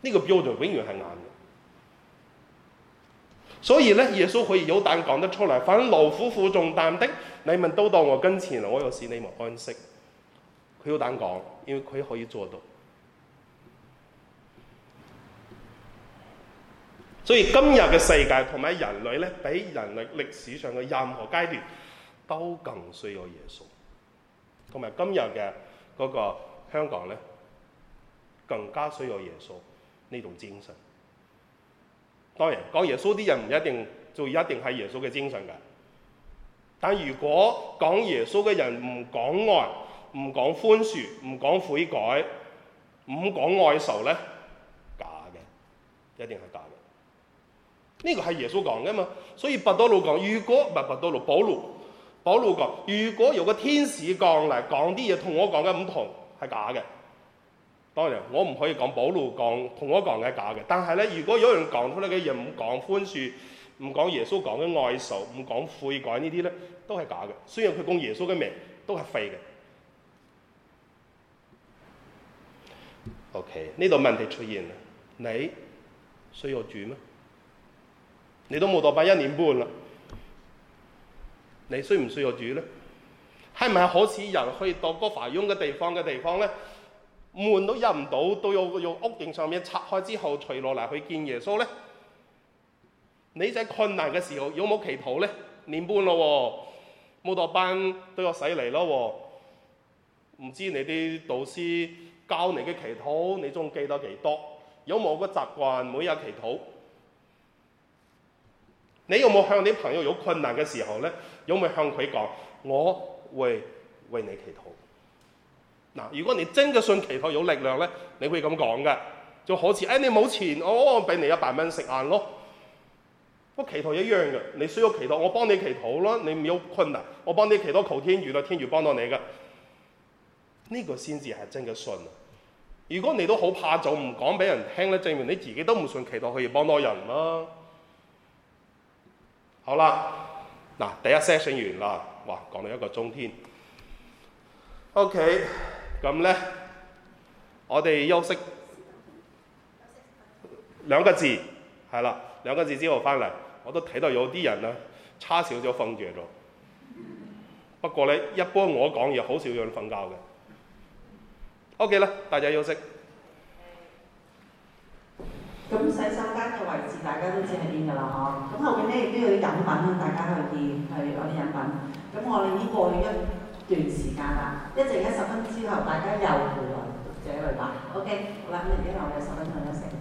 呢個標準永遠係啱嘅。所以咧，耶穌可以有膽講得出嚟：凡勞苦負重擔的，你們都到我跟前來，我又使你們安息。佢有膽講，因為佢可以做到。所以今日嘅世界同埋人類咧，比人類歷史上嘅任何階段都更需要耶穌，同埋今日嘅。嗰個香港咧，更加需要耶穌呢種精神。當然講耶穌啲人唔一定就一定係耶穌嘅精神嘅，但如果講耶穌嘅人唔講愛、唔講寬恕、唔講悔改、唔講愛仇咧，假嘅，一定係假嘅。呢個係耶穌講嘅嘛，所以伯多祿講如果不伯多祿保羅。保祿講：如果有個天使降嚟講啲嘢，同我講嘅唔同，係假嘅。當然我唔可以講保祿講同我講嘅係假嘅。但係咧，如果有人講出嚟嘅嘢唔講寬恕，唔講耶穌講嘅愛仇，唔講悔改呢啲咧，都係假嘅。雖然佢講耶穌嘅名都係廢嘅。OK，呢度問題出現啦。你需要住咩？你都冇到翻一年半啦。你需唔需要主咧？係咪好似人去到嗰繁榮嘅地方嘅地方咧，門都入唔到，都要用屋頂上面拆開之後，除落嚟去見耶穌咧？你喺困難嘅時候有冇祈禱咧？年半咯、哦，冇讀班都有洗禮咯，唔知你啲導師教你嘅祈禱，你仲記得幾多？有冇個習慣每日祈禱？你有冇向你朋友有困難嘅時候咧？有冇向佢講？我會為你祈禱。嗱，如果你真嘅信祈禱有力量咧，你可以咁講嘅，就好似誒、哎、你冇錢，我俾你一百蚊食晏咯。咁祈禱一樣嘅，你需要祈禱，我幫你祈禱啦。你唔有困難，我幫你祈禱求天主啦，天主幫到你嘅。呢、這個先至係真嘅信。如果你都好怕，就唔講俾人聽咧，證明你自己都唔信祈禱可以幫到人啦。好啦。嗱，第一 session 完啦，哇，講到一個鐘添。OK，咁咧，我哋休息兩個字，係啦，兩個字之後翻嚟，我都睇到有啲人咧，差少少瞓着咗。不過咧，一般我講嘢好少有人瞓覺嘅。OK 啦，大家休息。咁洗手間嘅位置大家都知喺邊㗎喇。嗬？咁後面呢亦都有啲飲品，大家去見去攞啲飲品。咁我哋已經過去一段時間啦，一陣一十分鐘之後，大家又回來這裏吧。OK，好啦，咁而家我哋十分鐘完成。